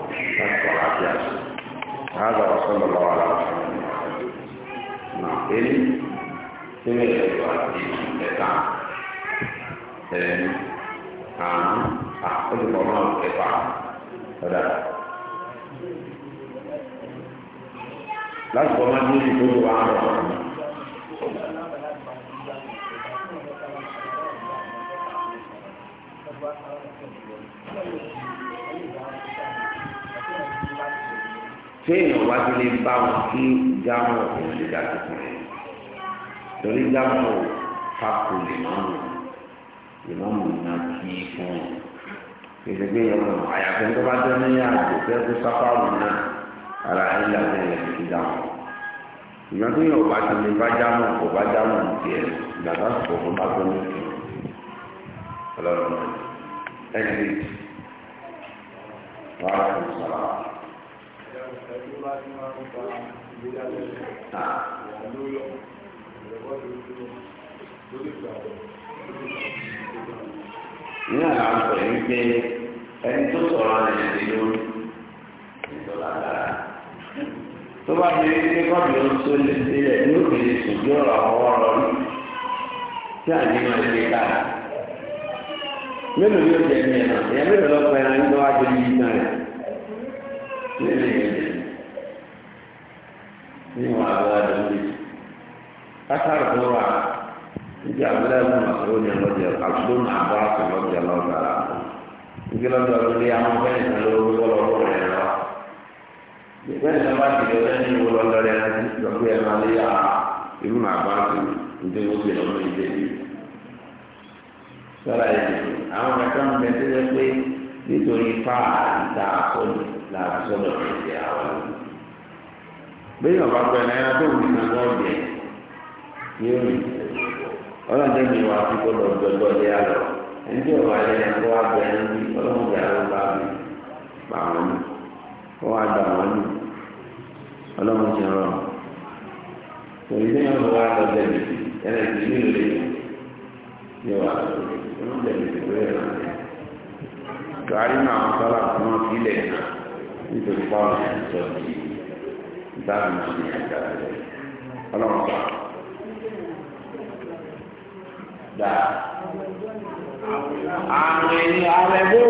láti kọ̀ láti àṣẹ. Àádọ́ ọ̀sán lọ́wọ́ wa lára ọ̀sán náà. Èyí tí wọ́n yẹ ẹ̀ẹ́n àrùn àkójọpọ̀ náà ẹ̀fà ọ̀dà. lásìkò máa ní ìlú tó wà ń rọ̀ téèyàn wá sí lè bá kí gámọ̀ òun lè dàgbà torí gámọ̀ kakò lè ìmọ̀mù náà kí fún un kìí gbé yẹn lọ àyàfẹ́ tó bá jẹ́ níyà àjò fẹ́ kó sáfàrù náà ara ẹ̀yà bẹ̀rẹ̀ ti dáhùn ìyẹn tó yẹ ọba ti lè bá jámọ̀ ọba jámọ̀ tiẹ̀ gbàgbà sọ̀rọ̀ fún bá tó ní kí ọlọ́run ẹ̀jẹ̀ wà fún sọ̀rọ̀. Ah. nínú àwọn àpò yìí pé ẹni tó sọ̀rọ̀ ní ẹ̀dẹ̀ lórí ẹ̀dọ́ lágbára tó bá fi rí pé kọ́bí ó tó lé sílẹ̀ ní òkèlè sùgbọ́n ọ̀rọ̀ ọwọ́ rọ tí àní máa ṣe ká mélòó jẹ ní ẹ̀nà ìyá mélòó lọ́pọ̀ ń lọ́wọ́ rẹ̀ àdó lè tó wà á. bí abúlé ní masurú ní ọlọ́dẹ àbúrò ní abọ́ àti ọlọ́dẹ ọlọ́dẹ ara nígbà lọ́dọ̀ ọdún yà mú bẹ́ẹ̀ ní lọ́wọ́ bọ́lọ́ ọ̀rọ̀ rẹ̀ lọ. bẹ́ẹ̀ ní bá ti lọ lẹ́yìn ìwọ lọ́dọ̀ rẹ̀ láti lọ́kọ́ yẹn máa lé yàrá irú ní abọ́ àti ìdè òkè lọ́mọ ìdè yìí. sọ́ra yìí àwọn kẹta ń bẹ sílẹ̀ pé nítorí fáà ìta ọlọ́run tẹ́ mi wá sí gbọ́dọ̀ gbọ́dọ̀ lé àlọ́ ẹni tí ọba ilé ẹ̀kọ́ abẹ ẹni bí ọlọ́run gbà ló bá mi gbà wọ́n mi kó wá gbà wọ́n mi ọlọ́run ti rọ̀ torí bí wọ́n wá lọ bẹ̀ mi ẹnlẹ́ ti ní ìlú rẹ̀ ní wà lọ́wọ́ mi ti wọ́n yẹn lọ́wọ́ tùwárí náà wọ́n fún wọn sí ilẹ̀ náà nítorí pọ́ọ̀lù ẹ̀ ń sọ bíi ìdáàbòbò ní ẹ̀dá rẹ̀ ọlọ́run sọ̀rọ̀ gbà àwìn ni àwẹ̀ bó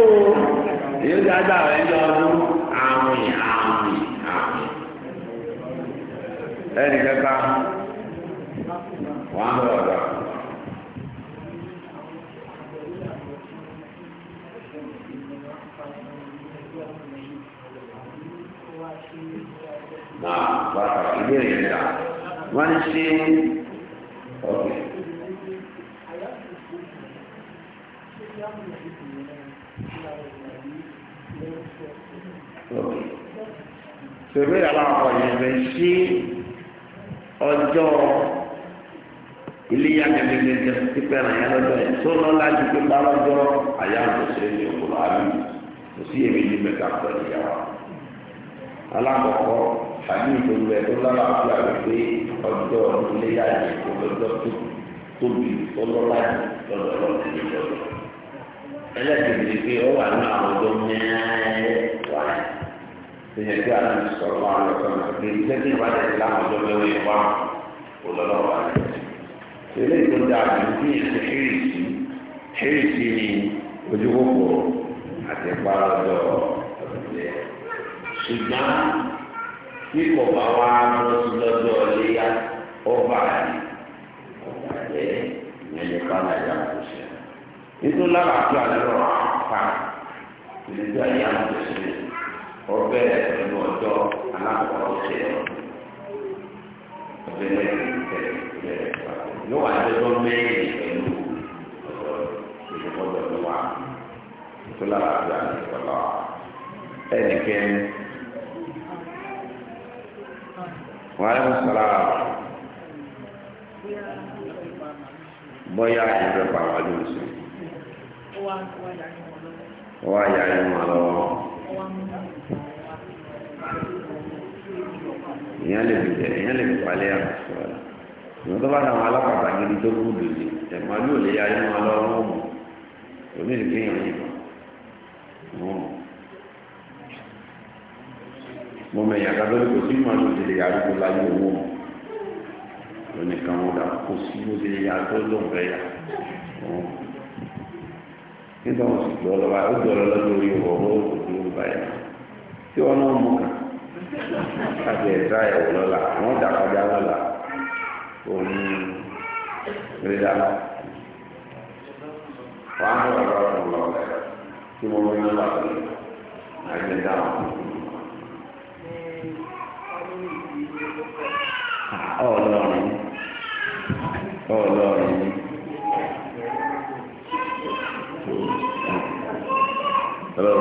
yóò dájú àwẹ̀ ní ọdún àwìn àwìn àwìn ẹnì kẹta wọn bọ̀ ọ̀dọ̀. Nah, bahasa ini ya. Manusia, oke. Okay. ṣòro ìyàwó yẹn bẹ ṣé ọjọ́ iléyà gẹ́gẹ́gẹ́ ti pẹ́ràn yẹn lọ́jọ́ yẹn tó lọ́la ju pé bá lọ́jọ́ àyà ń tòṣe ní òkúrò àbí kò sí èmi ní mẹ́ta pẹ̀lú ìyàwó alákọ̀ọ́kọ́ àbí ìdòwú ẹ̀ tó lọ́la àti àgbẹ̀ pé ọjọ́ iléyà yẹn kò lọ́jọ́ tó tóbi tó lọ́la jù lọ́dọ̀ lọ́dọ̀ ní lọ́dọ̀ ẹlẹ́kẹ̀ẹ́ ìyẹn tí a ti sọ̀rọ̀ wà lọ sọ̀rọ̀ pé iṣẹ́ tí ìwà tẹ̀sí láwọn ọjọ́ mẹ́wọ́ yẹn wà kó lọ́lọ́ wà lọ. Ilé ìtọ́jú àbùkù bí ìṣe hírìsì hírìsì ni ojú kòkòrò àti ìparọ́jọ ọ̀dọ̀lẹ́. Ṣùgbọ́n tí kò bá wá lọ sí lọ́jọ́ léyà ọba àyè ọba àyè ìyẹn lè pa nàìjà kò ṣe. Nítorí lábàá tó àlọ́ àpá ìlú ayé àwọn òṣèlú ọbẹ̀ pẹ̀lú ọjọ́ alákọ̀ọ́sẹ̀ ọbẹ̀ lẹ́yìn tẹ̀lẹ̀ yóò wá ẹjọ́ mẹ́rin pẹ̀lú ọjọ́ ìṣèkọ́jọ́ tó wà tó lára àti àlejò ẹnìkẹ́ni. wàhálà sọ̀rọ̀ bọ́yá ìrẹ́ pàwọ́ àdúgbò sí. wọ́n á yà á yẹ lọ́wọ́ èèyàn lè fi jẹ èèyàn lè fi palẹ̀ àmọ̀sọ rẹ̀ ìwọ́n tó bá náà wọn alápàtà gidi tó kú dòdì ẹ̀mọ́ ló lè yá inú wọn lọ́wọ́ wọn mọ̀ òní lè fi hàn yìnbọn mọ̀ mo mẹ kò sí màá lòdì lè yàrá láyé owó mọ̀ lónìí kan wọn dà kó sí lòdì lè yàrá tó lóun yà nígbà wọn sì jọ lọ́wọ́ ó jọ lọ́wọ́ lórí ìwọ̀ owó òkú ní báyìí tí wọn náà mú kàn láti ẹ̀dá ẹ̀wọ̀ lọ́la àwọn ọ̀dà kọjá lọ́la òun wọn á bọ̀ lọ́wọ́ fún lọ́wọ́ tí mo mú nígbà tó lè dá wọn. ọlọ́run ọlọ́run. Aa ah.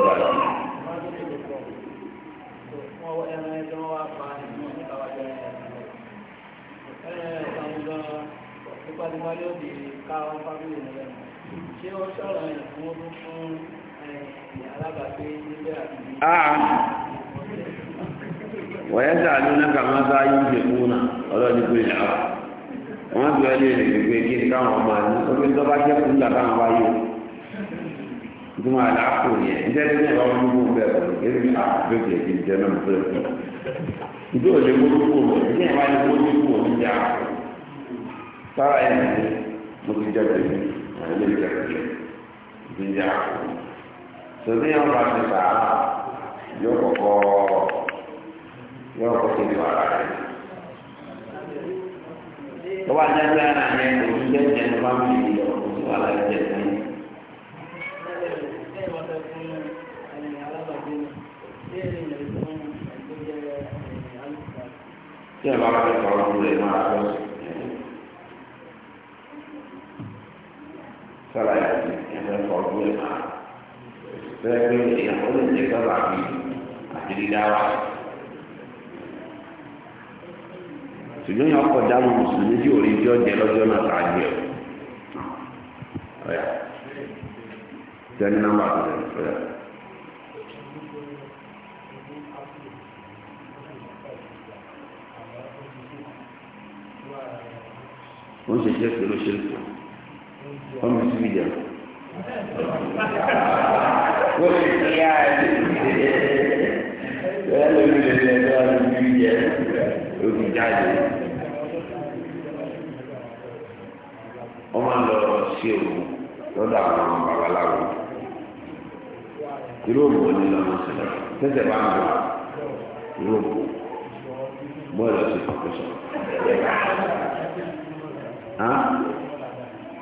wọ́n yẹ sàánú náà kà máa sáyé ń fi kúnà ọlọ́ọ̀ni pé ìlà wa. Wọ́n á wọ́n lé lè gbé kí káwọn ọmọ Ó fi ìtumọ̀ àlàáfò yẹn ìjẹ́ni ní ẹ̀rọ ọdún gbogbo bẹ́ẹ̀ pẹ̀lú eré ní àbẹ̀bẹ̀ èdè ìjẹ́ náà tó yẹ kọ́. ìdí òde gbogbo rẹ̀ ní ẹ̀rọ ayé gbogbo kò ní jà àpò. sára ẹ̀ ní mo ti jẹ́ bẹ̀rẹ̀ àwọn ilé ìjà ìjẹ́ ti jà àpò. sọdí ẹ̀rọ bá ti sà á yóò kọ́kọ́ yóò kọ́kọ́ ti wà lára rẹ̀. sí ara yẹn tí ẹ bá bá fẹ́ sọ̀rọ̀ ọdún lè máa lọ sí sára yàtí ẹ fẹ́ sọ̀rọ̀ ọdún lè máa bẹ́ẹ̀ pé ìyàwó lè jẹ́ sábà bí àti dídá wa. ṣùgbọ́n yà ọkọ̀ dáhùn mùsùlùmí tí òrí jọ jẹ lọ́jọ́ náà tá a jẹ o. ọ̀yà tẹ́ni nọ́mbà tó lè fẹ́. ó ṣe jẹ́ pé ló ṣe ń kọ́ ọmọ sí ìjà ó lè fi ààrẹ bẹ́ẹ̀ ló lè lè lọ ọdún sí ìjà ó fi jáde ọmọ lọ sí òun lọ́dọ̀ àwọn babaláwo irú òun ò ní lọ́nà sílẹ̀ tẹ́tẹ̀ bá ń bọ̀ irú òun.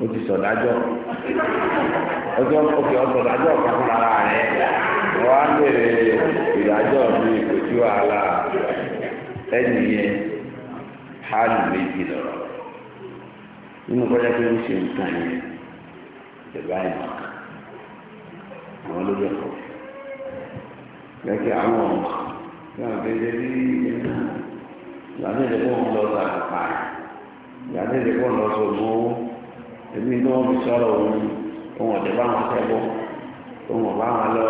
o ti sọ̀dájọ́ ọjọ́ òkè ọ̀sọ̀dájọ́ ọ̀kan fún ara rẹ̀ bèrè ìdájọ́ mi kò sí wàhálà ẹnì yẹn ha méjì lọ́rọ̀ nínú kọjá pé ó ṣe nǹkan yẹn ìgbà àwọn ló àwọn ọmọ náà bí náà èmi ní wọ́n fi sọ̀rọ̀ òun òun ọ̀dẹ̀ bá wọn sẹ́gbọ́ òun ọ̀bá wọn lọ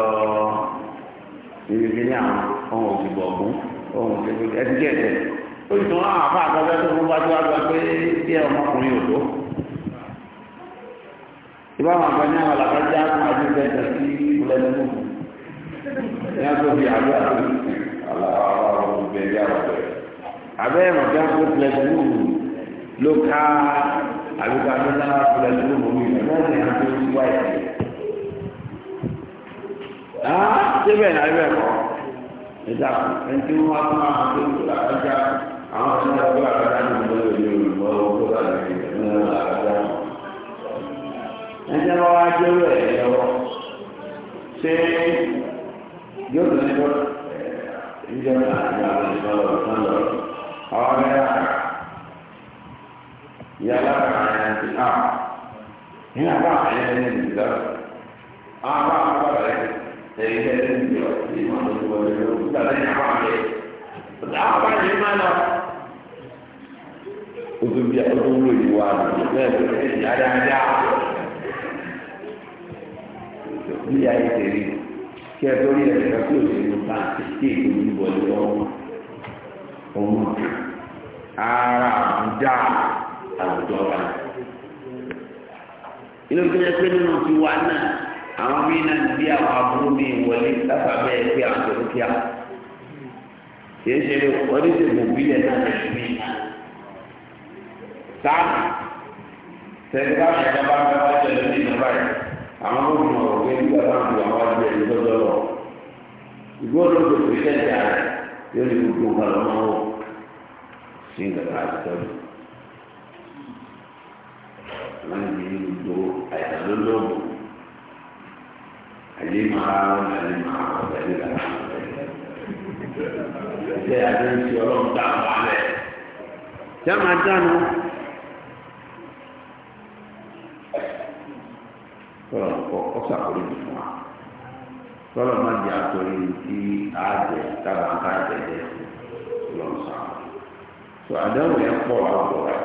ibi kí ní àwọn ohun òsìgbọ̀ ọ̀gbún ohun òsìgbọ̀ ẹtí jẹ́ ẹ̀jẹ̀ ó sì tún láwọn àfa àgbàgbẹ́ tó fún wájú wájú pé bí ẹ ọmọkùnrin ò tó ìbáwọn àgbà ní àwọn àlàkájá tó máa ti bẹ́ẹ̀ sí ìbúlẹ́nu ní àtòbí àgbà àlàkàwà ọ̀hún bẹ́ẹ̀ bí àwọn bẹ̀rẹ̀ abẹ́ ẹ̀rọ̀ bí wọ́n kó pẹ̀lú lókà àbíkà tó dáná kula lórí òun yìí lọ́wọ́ ní àti oṣù wáyé. Àá síbẹ̀ náà ibẹ̀ kọ́. Ìjà kù, ẹni tí wọ́n tún máa ń tó àkájá àwọn ọ̀sán náà tó àkájá ní ìlú ìlú ìlú ìlú tó àkájá ní ìlú àkájá. Ẹni tí wọ́n wá jẹ́ rẹ̀ lọ́wọ́ ṣé yóò tún ní lọ́wọ́ ìjọba àti àwọn ìṣòro ọ̀sán lọ́wọ́ àwọn mẹ́ta ìyá lára àti àwọn ní abá àyẹ̀ ní ìgbà abá àbára rẹ̀ ẹ̀yìn tẹ́lẹ̀ ní ìgbà tí ìmọ̀ tó wọlé lọ́wọ́ nígbà tí ìyá wà lẹ̀ ọ̀dà àbá yìí má lọ. o tó bí o tó wúlò yìí wá lọ bẹ́ẹ̀ tó ti di dáadáa. bí a yìí tẹ̀lé kí ẹ tó rí ẹ̀ ká tó lè mú bá kí èkó yìí wọlé lọ́wọ́ ọmọ ara àbúdá àwùjọ báyìí inú tó yẹ pé nínú ti wá náà àwọn míín náà ń bí àwọn aburú mi wọlé láfa bẹ́ẹ̀ pé àwọn tó ń kíá kìí ṣe oníṣègùn bílẹ̀ náà lè fi sáà sẹ́ńtà ìjọba bá wá jẹ́ lórí ìjọba yìí àwọn olùmọ̀ òwe nígbà táwọn ìwà wá jẹ́ lọ́dọ̀ lọ ìgbó olóògbé kìí ṣẹ̀dá rẹ̀ yóò ní gbogbo nǹkan lọ́wọ́ sí ìgbà láti tọ́jú. wọ́n ní ní gbogbo àìsàn àyè máa wọn àyè máa wọn pẹ̀lú ìlànà ìṣe àti ìṣe ọlọ́run tá wà lẹ̀. tí máa dánu tọ́lọ̀ nǹkan ọ̀sà kò lóbi fún wa tọ́lọ̀ má di àtọ́rí tí a jẹ tábà ń ká jẹ jẹ lọ́sàn-án. sọ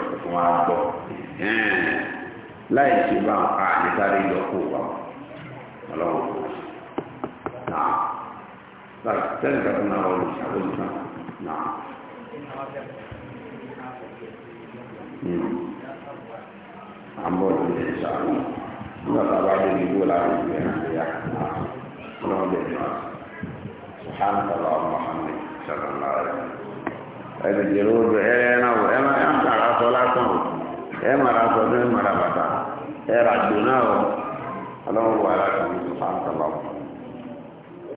wọn á gbọ́ láì ṣe bá a nítorí yọkù wa ọlọ́run kò sí náà láti tẹ́lẹ̀ kàtó náà wọ́n lè ṣàkóso náà náà. àmọ́ ìdílé ṣàkóso nígbà tá a bá dé igbó láti ìgbé náà yá ọlọ́run bẹ̀rẹ̀ náà sùhánù tàbá ọmọ hàmì sàkànnà rẹ̀ ẹ̀ẹ́dẹ̀gẹ̀rẹ̀ ó bẹ̀rẹ̀ náà wọ̀ ẹ̀ máa ẹ mara sọdún ẹ mara bàtà ẹ rà jù náà ọ ọlọ́run wà láti ní sọ fáńtà lọ́wọ́.